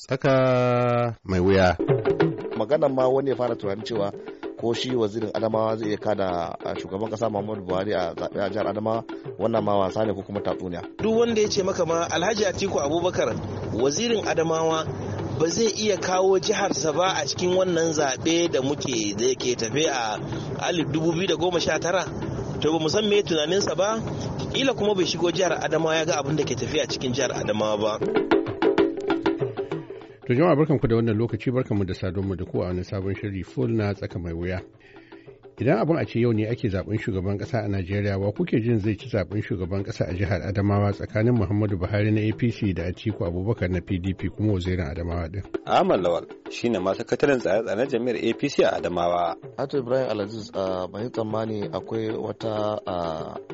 Saka mai wuya. Maganan ma wani ya fara tunanin cewa ko shi wazirin adamawa zai iya kada shugaban kasa muhammadu buhari a zaɓe a jihar adamawa wannan ma wasa ne ko kuma tatsuniya duk wanda ya ce maka ma alhaji atiku abubakar wazirin adamawa ba zai iya kawo jiharsa ba a cikin wannan zaɓe da muke da ke tafe a 2019 to ba san me tunaninsa ba ila kuma bai shigo jihar adamawa ya ga abin da ke tafiya cikin jihar adamawa ba To jama'a barkanku da wannan lokaci mu da mu da ku a wani sabon shiri full na tsaka mai wuya. Idan abin a ce yau ne ake zaben shugaban kasa a Najeriya wa kuke jin zai ci zaben shugaban kasa a jihar Adamawa tsakanin Muhammadu Buhari na APC da Atiku Abubakar na PDP kuma wazirin Adamawa din. Ahmad Lawal shine ma sakataren tsare-tsaren jami'ar APC a Adamawa. Ato Ibrahim Alaziz a bai tsammani akwai wata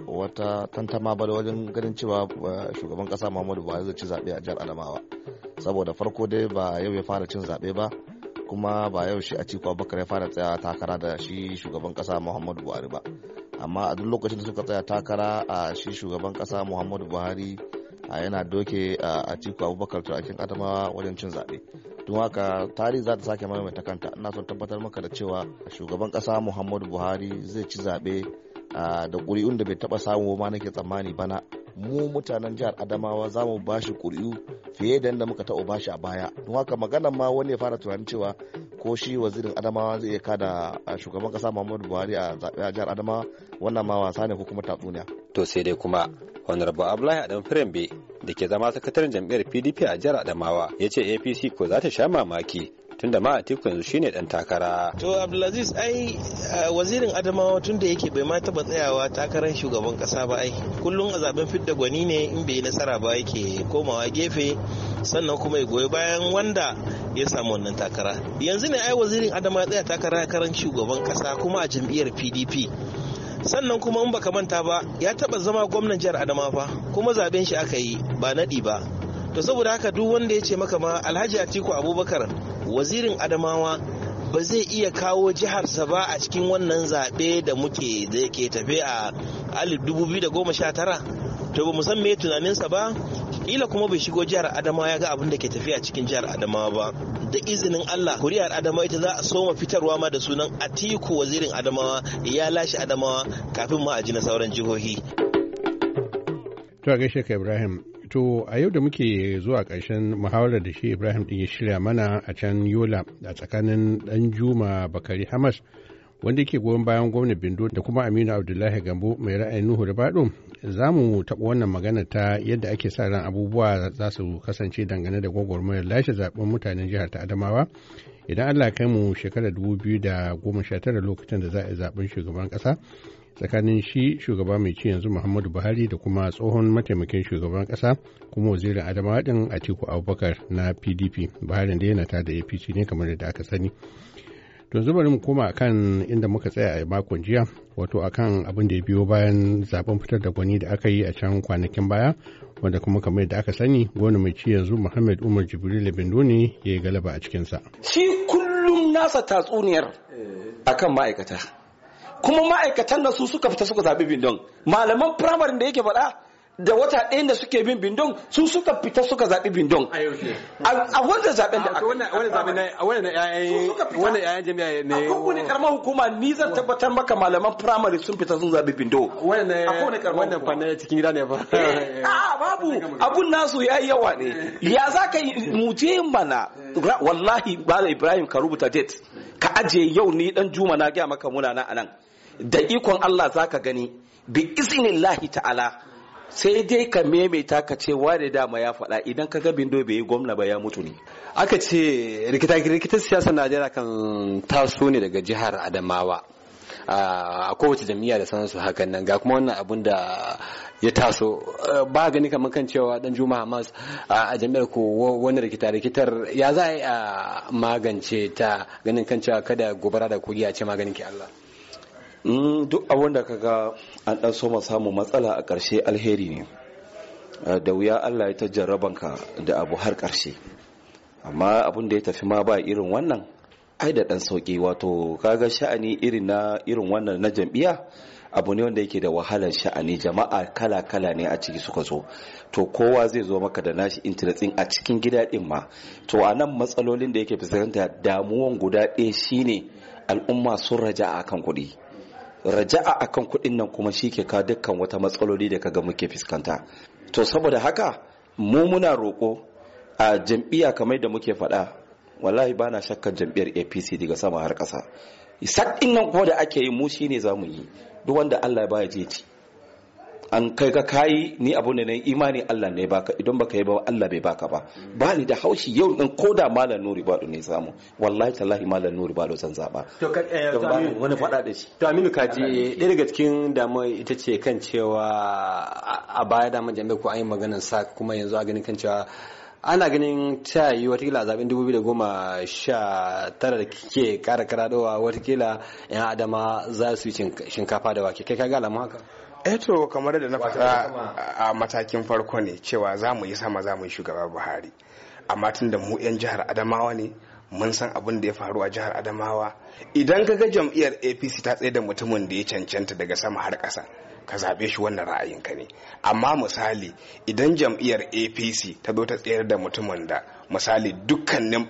wata tantama ba wajen ganin cewa shugaban ƙasa Muhammadu Buhari zai ci zabe a jihar Adamawa. saboda farko dai ba yau ya fara cin zaɓe ba kuma ba yau shi a cikin abubakar ya fara tsaya takara da shi shugaban kasa muhammadu buhari ba amma a duk lokacin da suka tsaya takara a shi shugaban kasa muhammadu buhari a yana doke a abubakar turakin adamawa wajen cin zaɓe don haka tarihi za ta sake ta kanta ina son tabbatar maka da cewa shugaban kasa muhammadu buhari zai ci zaɓe da ƙuri'un da bai taɓa samu ma nake tsammani bana mu mutanen jihar adamawa za mu bashi ƙuri'u fiye da yadda muka taɓa bashi a baya don haka maganan ma wani ya fara tunanin cewa ko shi wazirin adamawa zai iya kada shugaban ƙasa muhammadu buhari a zaɓe a jihar adamawa wannan ma wasa ne ko kuma tatsuniya. to sai dai kuma honorable abdullahi adam firambe da ke zama sakataren jam'iyyar pdp a jihar adamawa ya ce apc ko za ta sha mamaki tunda ma Atiku yanzu shine dan takara. To Abdulaziz ai eh, wazirin Adamawa tunda yake bai ma taba tsayawa takarar shugaban kasa ba ai. Kullum a zaben fidda gwani ne in bai nasara ba yake komawa gefe sannan kuma ya goyi bayan wanda ya samu wannan takara. Yanzu ne ai wazirin Adamawa tsaya takara karan shugaban kasa kuma a jam'iyyar PDP. sannan kuma in baka manta ba ya taba zama gwamnan jihar Adamawa fa kuma zaben shi aka yi ba naɗi ba to saboda haka duk wanda ya ce maka ma alhaji atiku abubakar wazirin adamawa ba zai iya kawo jiharsa ba a cikin wannan zaɓe da muke da ke tafe a 2019 to ba mu san me tunaninsa ba ila kuma bai shigo jihar adamawa ya ga abin da ke a cikin jihar adamawa ba da izinin allah kuriyar adamawa ita za a soma fitarwa ma da sunan atiku wazirin adamawa ya lashe adamawa kafin ma a ji na sauran jihohi to gaishe ibrahim To a yau da muke zuwa ƙarshen muhawarar da shi Ibrahim ɗin ya shirya mana a can Yola a tsakanin ɗan Juma Bakari Hamas wanda yake goyon bayan gwamnan Bindo da kuma Aminu Abdullahi Gambo mai ra'ayin Nuhu da Baɗo za mu taɓa wannan magana ta yadda ake sa ran abubuwa za su kasance dangane da gwagwarmayar lashe zaɓen mutanen jihar ta Adamawa idan Allah kai mu shekarar tara lokacin da za a yi zaɓen shugaban ƙasa tsakanin shi shugaba mai ci yanzu muhammadu buhari da kuma tsohon mataimakin shugaban kasa kuma wazirin adama din atiku abubakar na pdp buhari da yana ta da apc ne kamar yadda aka sani to zuba mu koma kan inda muka tsaya a makon jiya wato akan abin da ya biyo bayan zaben fitar da gwani da aka yi a can kwanakin baya wanda kuma kamar da aka sani gona mai ci yanzu muhammad umar jibril bindo ne ya yi galaba a cikinsa shi kullum nasa tatsuniyar akan ma'aikata kuma ma'aikatan nan su suka fita suka zaɓi bindon malaman firamare da yake faɗa da wata ɗaya da suke bin bindon su suka fita suka zaɓi bindon a wanda zaɓen da aka wanda yayan jami'a ne a kowane karamar hukuma ni zan tabbatar maka malaman firamare sun fita sun zaɓi bindo a kowane karamar hukuma wannan cikin gida ne ba eh, a babu abun nasu ya yi yawa ne ya za ka muje mana wallahi bala ibrahim ka rubuta date ka ajiye yau ni dan juma na gaya maka muna na anan da ikon Allah za ka gani bi iznillahi ta'ala sai dai ka maimaita ka ce da dama ya faɗa idan ka ga bindo bai yi gwamna ba ya mutu ne aka ce rikitar siyasar najeriya kan taso ne daga jihar adamawa a kowace jami'a da sanansu hakan nan ga kuma wannan abun da ya taso ba gani kamar kan cewa dan juma hamas a jami'ar ko wani rikita rikitar ya za a magance ta ganin kan cewa kada gobara da kogi a ce maganin ki allah Mm, duk abin da kaga an dan so samun matsala a ƙarshe alheri ne eh, da wuya Allah ya ta jarrabanka da abu har ƙarshe amma abin da ya tafi ma ba irin wannan ai da dan sauki wato kaga sha'ani irin na irin wannan na jam'iyya abu ne wanda yake da wahalar sha'ani jama'a kala-kala ne a ciki suka zo to kowa zai zo maka da nashi interest a cikin gida din ma to a nan matsalolin da yake fuskanta damuwan guda ɗaya shine al'umma sun raja akan kan kuɗi raja'a akan kuɗin nan kuma shi ke ka dukkan wata matsaloli da ga muke fuskanta to saboda haka mu muna roƙo a jam'iyya kamar da muke faɗa wallahi ba na shakkan jam'iyyar apc daga sama har ƙasa sak nan kuma da ake yi mu shine za mu yi duk wanda allah ya ba ya an kai ka kayi ni abu ne na imani Allah ne baka idan baka yi ba Allah bai baka ba ba ni da haushi yau din koda malam nuri ba ne samu wallahi tallahi malam nuri ba san zaba to ka eh, wani fada da shi to aminu kaji ɗaya daga cikin damuwa ita ce kan cewa a baya da majami'a ko an yi maganar sa kuma yanzu a ganin kan cewa ana ganin ta yi kila a zaben 2019 da ke kara karadowa kila yan adama za su yi shinkafa da wake kai ka ga alamun haka eto eh kamar da na faɗa a matakin farko ne cewa za mu yi sama za mu yi shugaba buhari amma tun da mu 'yan jihar adamawa ne mun san abin da ya faru a jihar adamawa idan ka ga jam'iyyar apc ta tsaye da mutumin da ya cancanta daga sama har ƙasa ka zaɓe shi wannan ra'ayinka ne amma misali idan jam'iyyar apc ta zo ta tsayar da mutumin da misali dukkanin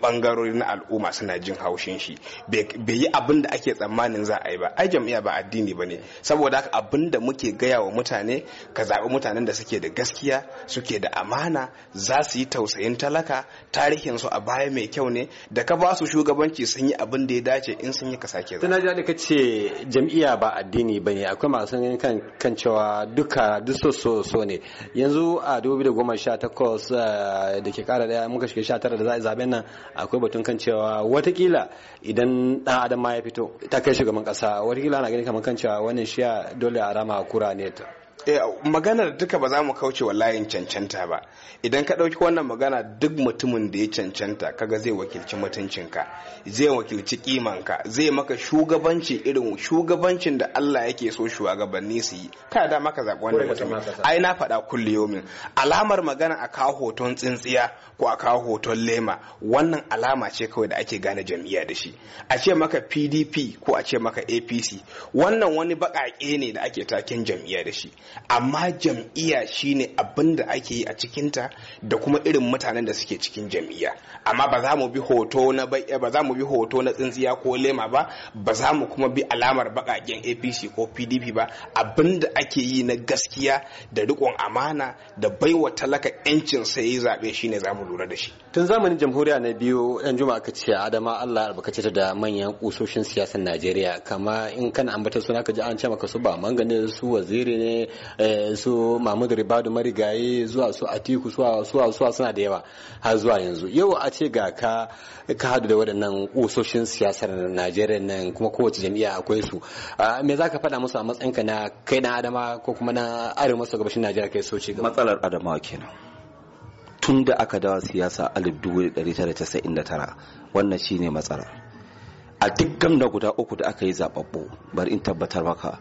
na al'umma suna jin haushin shi bai yi abin da ake tsammanin za a yi ba ai jam'iyya ba addini ba ne saboda haka abin da muke gaya wa mutane ka zaɓi mutanen da suke da gaskiya suke da amana za su yi tausayin talaka tarihin su a baya mai kyau ne da ka ba su shugabanci sun yi abin da ya dace in sun yi ka sake zama. Tana ka ce jam'iyya ba addini ba ne akwai masu kan kan cewa duka duso so so ne yanzu a 2018 eh, da ke kara daya muka shiga 19 da za a zabe nan akwai batun kan cewa watakila idan dan adam ma ya fito ta kai shugaban kasa watakila ana gani kamar kan cewa wannan shiya dole a rama kura ne ta Eh, maganar duka ba za mu kauce wa layin cancanta ba idan ka ɗauki wannan magana duk mutumin da ya cancanta kaga zai wakilci mutuncinka zai wakilci kimanka zai maka shugabanci irin shugabancin da Allah yake so shugabanni su yi kana da maka zaɓi wannan mutumin ai na faɗa kulli yomin alamar magana a kawo hoton tsintsiya ko a kawo hoton lema wannan alama ce kawai da ake gane jam'iyya da shi a ce maka PDP ko a ce maka APC wannan wani baƙaƙe ne da ake taken jam'iyya da shi amma jam'iyya shine abin da ake yi a cikinta da kuma irin mutanen da suke cikin jam'iyya amma ba za mu bi hoto na ba za mu bi hoto na tsintsiya ko lema ba ba za mu kuma bi alamar bakaken APC ko PDP ba abin da ake yi na gaskiya da rikon amana da baiwa talaka yancin sai yi zaɓe shine za mu lura da shi tun zamanin jamhuriya na biyu yan juma aka ce adama Allah albarkace ta da manyan kusoshin siyasar Najeriya kama in kana ambata suna ka ji an ce maka su ba manganin su waziri ne Eh, su mahmud ribadu marigayi zuwa su atiku zuwa zuwa suna da yawa har zuwa yanzu yau a ce ga ka ka hadu da waɗannan ƙusoshin siyasar najeriya nan kuma kowace jam'iyya akwai su me za ka faɗa musu a matsayinka na kai na adama ko kuma na arewa maso gabashin najeriya kai soci. ci matsalar Adama kenan tun da aka dawo siyasa a 1999 wannan shine matsalar a dukkan da guda uku da aka yi zababbo bari in tabbatar maka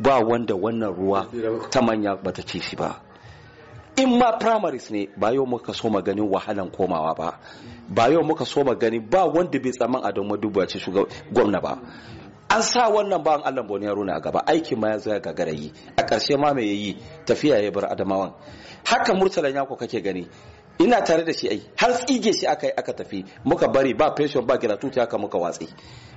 ba wanda wannan ruwa ta manya bata ci shi ba in ma primaries ne ba yau muka so ganin wahalan komawa ba ba yau muka so gani ba wanda bai tsaman a don maduba ce gwamna ba an sa wannan bawan allan Boni Haruna a gaba aikin ma ya zo ya gagara yi a ƙarshe ma mai yayi tafiya ya bar Adamawan haka Murtala Yako kake gani ina tare da shi ai har tsige shi aka yi aka tafi muka bari ba pension ba ya ka muka watsi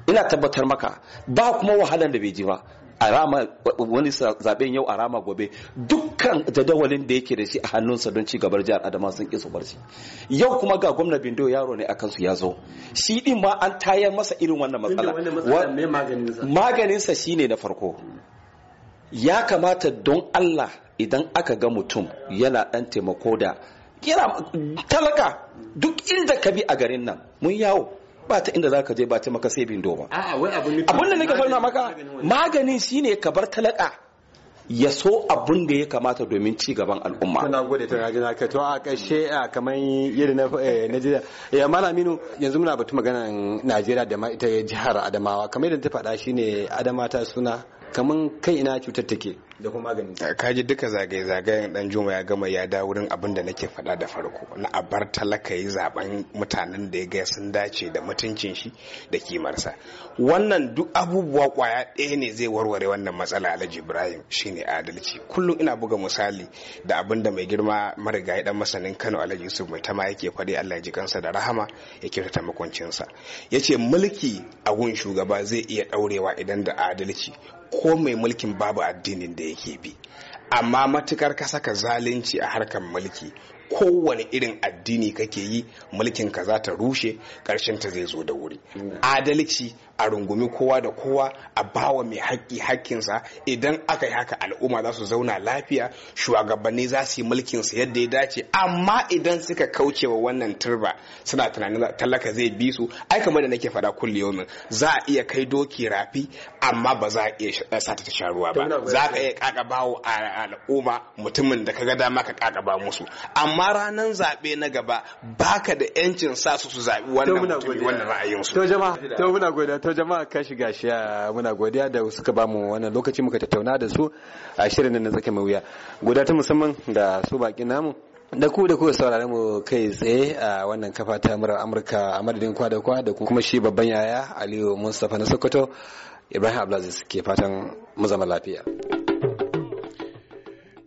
ina tabbatar maka ba kuma wahalan da bai ji ba a rama wani zaben yau a rama gobe dukkan jadawalin da yake da shi a hannun sa don ci gabar jihar adama sun ƙi barci yau kuma ga gwamna bindo yaro ne akan su ya zo shi din ma an tayar masa irin wannan matsala maganinsa shine na farko ya kamata don allah idan aka ga mutum yana ɗan taimako da yana talaka duk inda ka bi a garin nan mun yawo ba ta inda zaka je ba ta maka sai bindo ba abin da nake faɗa maka maganin shine ka bar talaka ya so abunda da ya kamata domin ci gaban al'umma. Kuna gode ta rajina ka to a kashe a kamar yiri na eh, Najeriya. Ya eh, mala minu yanzu muna batu magana Najeriya da ma ita jihar Adamawa kamar yadda ta faɗa shine Adama ta suna kamar kai ina cutar take. da kuma magani eh, ka ji duka zagaye zagayen dan juma ya gama ya da wurin abin da nake faɗa da farko na abar talaka yi zaben mutanen da ya gaya sun dace da mutuncin shi da kimarsa wannan duk abubuwa kwaya ɗaya ne zai warware wannan matsala alhaji ibrahim shine adalci kullum ina buga misali da abin da mai girma marigayi dan masanin kano alhaji yusuf mai tama yake faɗi allah ji kansa da rahama ya ta makwancinsa ya ce mulki a gun shugaba zai iya ɗaurewa idan da adalci ko mai mulkin babu addinin da yake bi amma matukar ka saka zalunci a harkar mulki kowane irin addini kake yi mulkin ka za ta rushe karshen ta zai zo da wuri adalci a rungumi kowa da kowa a bawa mai haƙƙi haƙƙinsa idan aka yi haka al'umma za su zauna lafiya shugabanni za su yi mulkin su yadda ya dace amma idan suka kauce wa wannan turba suna tunanin talaka zai bi su ai kamar da nake faɗa kulli yomin za a iya kai doki rafi amma ba za a iya sata ta sha ruwa ba za ka iya kakaba a al'umma mutumin da ka ga dama ka ƙaƙaba musu amma amma ranar zaɓe na gaba baka da yancin sa su su zaɓi wannan mutumi wannan ra'ayinsu. To jama'a to muna godiya to jama'a ka shiga shi muna godiya da suka ba mu wannan lokaci muka tattauna da su a shirin na zaka mai wuya. Godiya ta musamman da su baki namu. da ku da ku saurare mu kai tsaye a wannan kafa ta murar amurka a madadin kwada kwa da kuma shi babban yaya aliyu mustapha na sokoto ibrahim abdulaziz ke fatan mu zama lafiya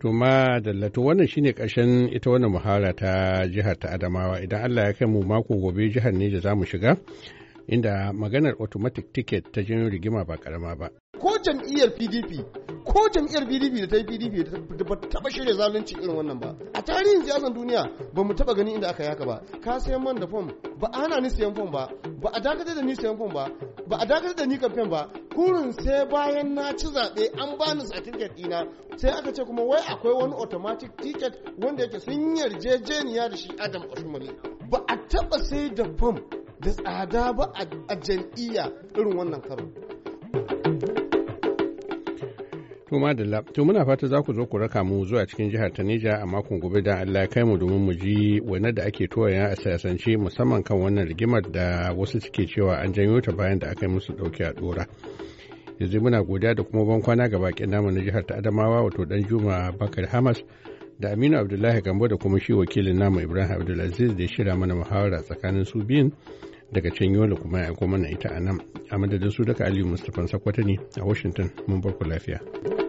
To ma dallato wannan shine ƙarshen ita wannan muhara ta jihar ta Adamawa idan Allah ya kai mu mako gobe jihar ne da za mu shiga inda maganar automatic ticket ta jin rigima ba karama ba. Ko jam'iyyar PDP ko jam'iyyar PDP da ta yi PDP da ba taɓa shirya zalunci irin wannan ba. A tarihin siyasan duniya ba mu taɓa gani inda aka yaka ba. Ka sayan man da fom ba a hana ni sayan fom ba ba a dakatar da ni sayan fom ba ba a dakatar da ni kamfen ba kurin sai bayan na ci zaɓe an bani certificate ɗina sai aka ce kuma wai akwai wani automatic ticket wanda yake sun yarjejeniya da shi adam osmani ba a taɓa sai da fam da tsada ba a jam'iyya irin wannan karo To madalla, to muna fata za ku zo ku raka mu zuwa cikin jihar ta Neja a makon gobe da Allah kai mu domin mu ji wani da ake toya a siyasance musamman kan wannan rigimar da wasu suke cewa an janyo ta bayan da aka yi musu dauki a dora. Yanzu muna godiya da kuma ban kwana ga bakin namu na jihar ta Adamawa wato dan Juma Bakar Hamas da Aminu Abdullahi Gambo da kuma shi wakilin namu Ibrahim Abdulaziz da ya shirya mana muhawara tsakanin su biyun daga can yola kuma ya mana ita a nan a madadin su daga aliyu mustapha sakwata ne a washington mun barku lafiya.